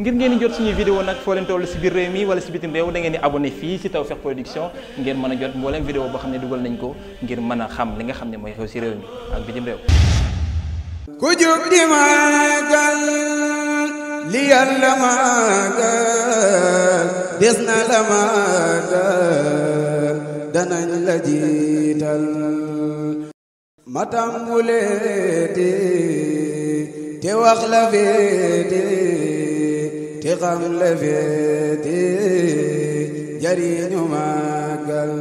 ngir ngeen jot suñu vidéo nag foo leen si biir réew mi wala si bitim réew da ngeen di abonné fii si Tawfekh Production ngeen mën a jot mbooleem vidéo boo xam ne dugal nañ ko ngir mën a xam li nga xam ne mooy xew si réew mi ak la maagal danañ la jiital matam mu leete te wax la feete ki xam la féete jariñu màggal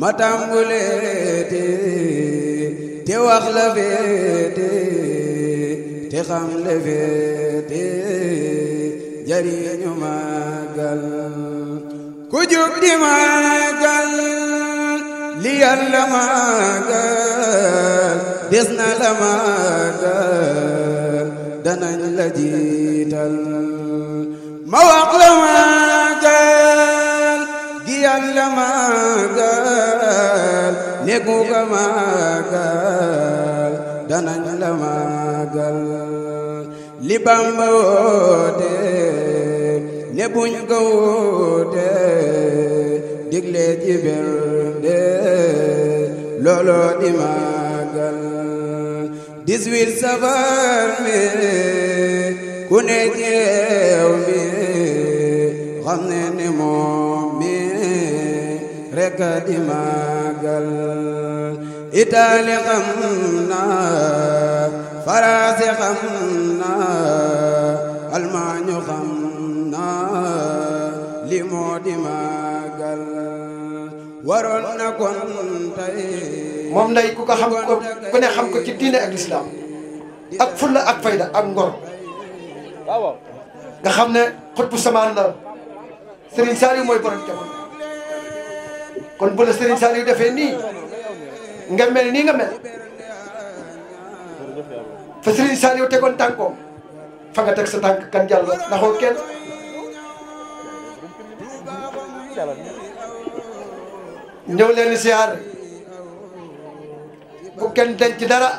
ma tàmbuleete te wax la féete te xam la féete jariñu màggal ku jub di màggal li yàlla màggal des na la màggal danañ la jiital ma wax la màggal gi ak la màggal néegu ga màggal danañ la màggal li Bamba woote ne buñ ko woote digle ji bernde looloo di màggal dix-huit safar mi ku di màggal Itaali xam naa Faransi xam naa Almaañ xam naa li moo di màggal waroon na kon moom nday ku ko xam ko ku ne xam ko ci diine ak lislaam ak fulla ak fayda ak ngor waaw xam ne xutbu samaan la Serigne Saliou mooy borom jamono kon bu la Serigne defee nii nga mel nii nga mel fa Serigne Saliou tegoon tànkoom fa nga teg sa tànk kan jàll ndaxoo kenn ñëw leen siyaar bu kenn denc dara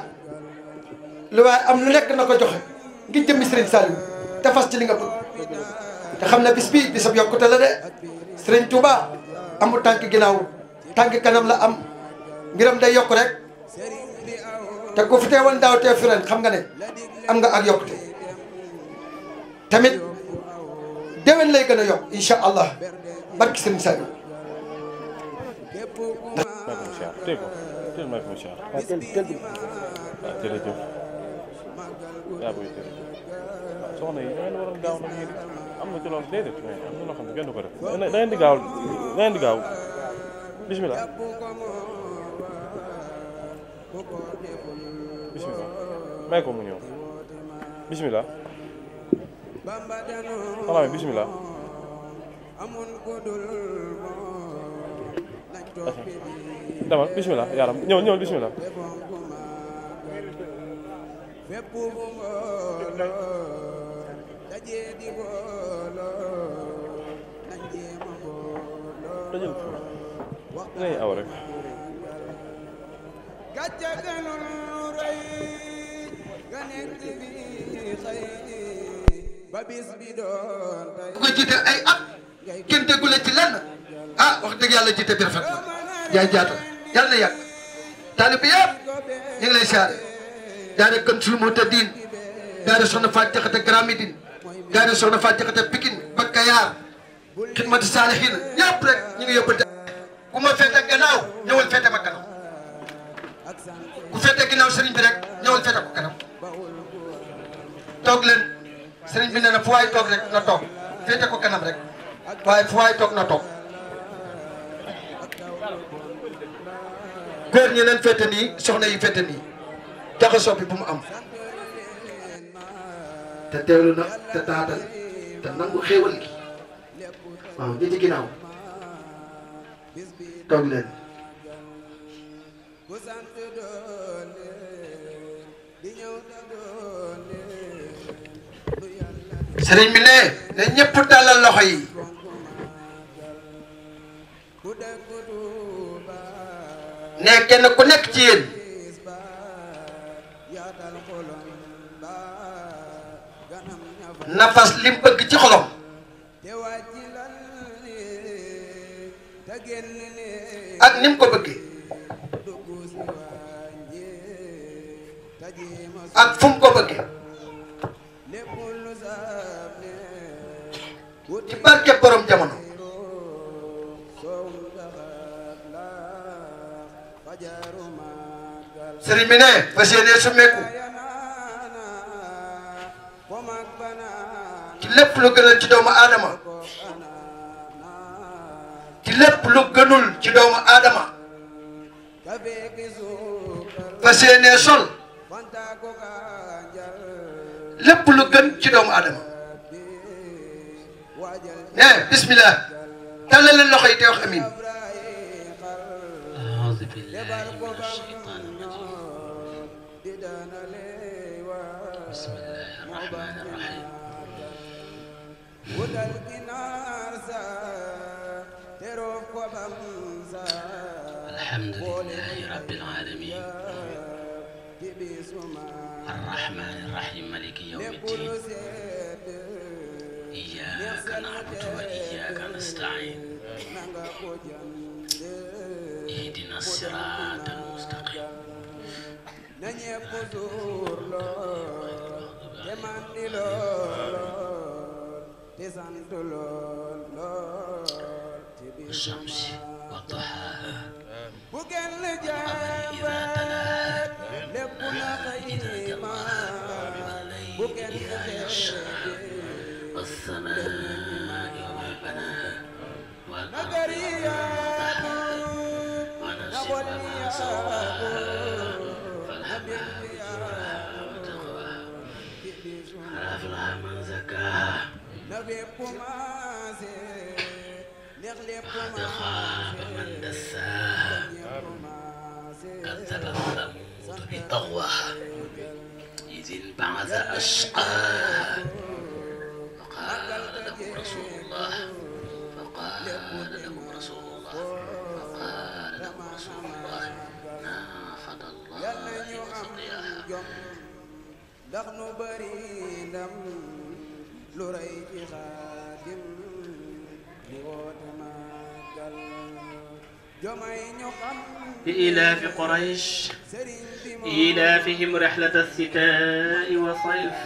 lu waaye am lu nekk na joxe ngir jëmmi Serigne Saliou te fas ci li nga bëgg te xam ne bis bii bisab yokkute la de Serigne Touba amul tànk ginnaaw tànk kanam la am mbiram day yokk rek te ku fi teewoon daaw tee fi xam nga ne am nga ak yokkute tamit déwén lay gën a yokk incha allah barki Serigne Saliou soxna yi da ngeen waroon gaaw nag yéen am na ci loolu déedéet mais am na loo xam ne kenn du ko def da ngeen di gaaw da ngeen di gaaw bisimilah bisimilah may ko mu ñëw bisimilah xanaa bisimilah dama bisimilah yaaram ñëwal ñëwal bisimilah. tëjal ngay aw rek. ku ko jiite ay at. kenn gu la ci lenn ah wax dëgg yàlla jiite bi rafet na yaay jaata yàlla na taalib bi yëpp ñu ngi lay siyaare daara Kanzul Muhtadin daara soxna Faat Jaxate Grand Médine daara soxna Faat Jaxate Pikine Bakayar xidmatu saalihin yëpp rek ñu ngi yóbbante ku ma fete gannaaw ñëwal fete ma kanam ku fete gannaaw sëriñ bi rek ñëwal fete ko kanam toog leen sëriñ bi nee na fu waay toog rek na toog fete ko kanam rek waaye fu waay toog na toog góor ñi leen fete soxna yi fete nii jaxasoo bu mu am te teewlu na te taatal te nangu xéewal gi waaw ñi ci ginnaaw toog leen sëriñ bi ne ne ñëpp tàllal loxo yi ne kenn ku nekk ci yéen na lim bëgg ci xolom ak ni ko bëggee ak fu ko bëggee ci barke borom jamono. sëriñ bi ne fas yéene summeeku ci lépp ci doomu aadama ci lépp ci doomu aadama fas yéene sol lépp lu ci doomu aadama ne bismillah tàllal loxo yi amin الرحمن الرحيم ودل جنازة تروف وبنزا الحمد لله رب العالمين الرحمن الرحيم ملك يوم الدين إياك نعبد وإياك نستعين اهدنا الصراط المستقيم man di lool lool di sant lool lool ci biir shamsi wa duhaaha bu gën la jàmbat lépp na xëy ma bu gën la jàmbat والسماء والبنات والأرض والماء ونسيب ما سواها la lépp maase lex lépp maase man dassaa كذب ثمود بطغواها إذ انبعث أشقاها فقال لهم رسول الله فقال لهم رسول الله فقال لهم رسول الله ناقة الله وسقياها lu rëy ci xaadim li woote màggal jomay ñu xam li ilaafi Quraysh ilaafihim rihlata as-sitaa'i was-sayf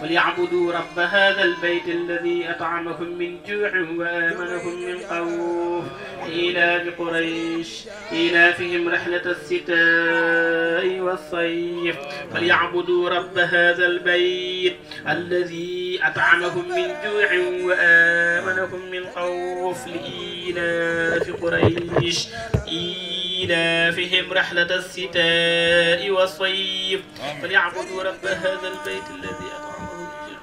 فليعبدوا رب هذا البيت الذي أطعمهم من جوع وآمنهم من خوف إيلاف قريش إيلافهم رحلة الشتاء والصيف فليعبدوا رب هذا البيت الذي الذي أطعمهم من جوع وآمنهم من خوف لإيلاف قريش إيلافهم رحلة الشتاء والصيف فليعبدوا رب هذا البيت الذي أطعمهم من جوع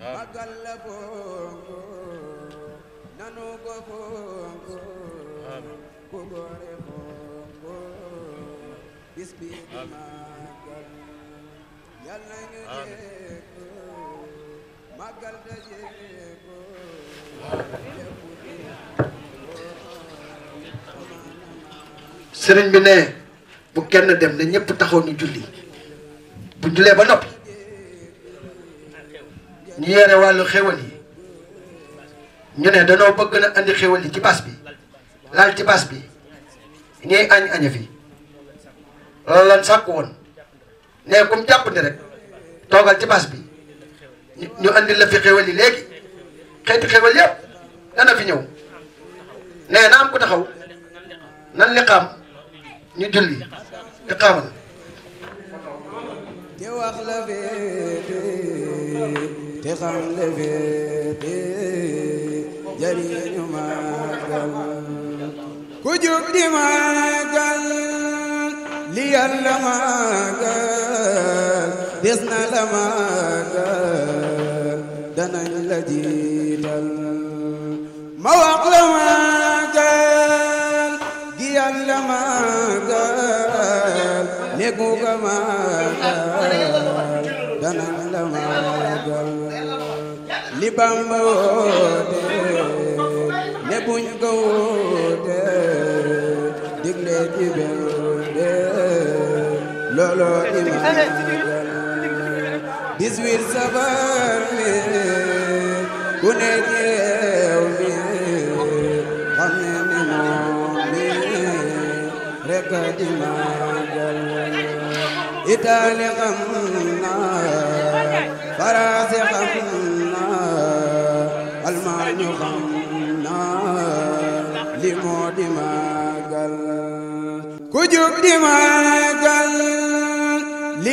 magalla bongo nanu go bongo ku gore sëriñ bi ne bu kenn dem ne ñëpp taxaw ñu julli bu jullee ba noppi ñu yore wàllu xéwal yi ñu ne danoo bëgg na andi xéwal yi ci bas bi laal ci bas bi ñuy añ aña fi loolu woon ne kum jàppandi rek toogal ci bas bi ñu andil la fi xewal yi léegi xeeti xewal yëpp dana fi ñëw nee na ku taxaw nan li xaam ñu julli di xaamal te wax la féete te xam la féete jariñu màggal ku jóg di màggal li Yàlla màggal des na la màggal danañ la jiital ma wax la màggal gi Yàlla màggal ne ku ko màggal danañ la màggal li Bamba woote ne buñ ko loo imaam dix-huit safar mi ku ne moom mi rekk di màggal Itaali xam naa Faransi xam naa Almaañ xam naa li moo di màggal ku jóg di màggal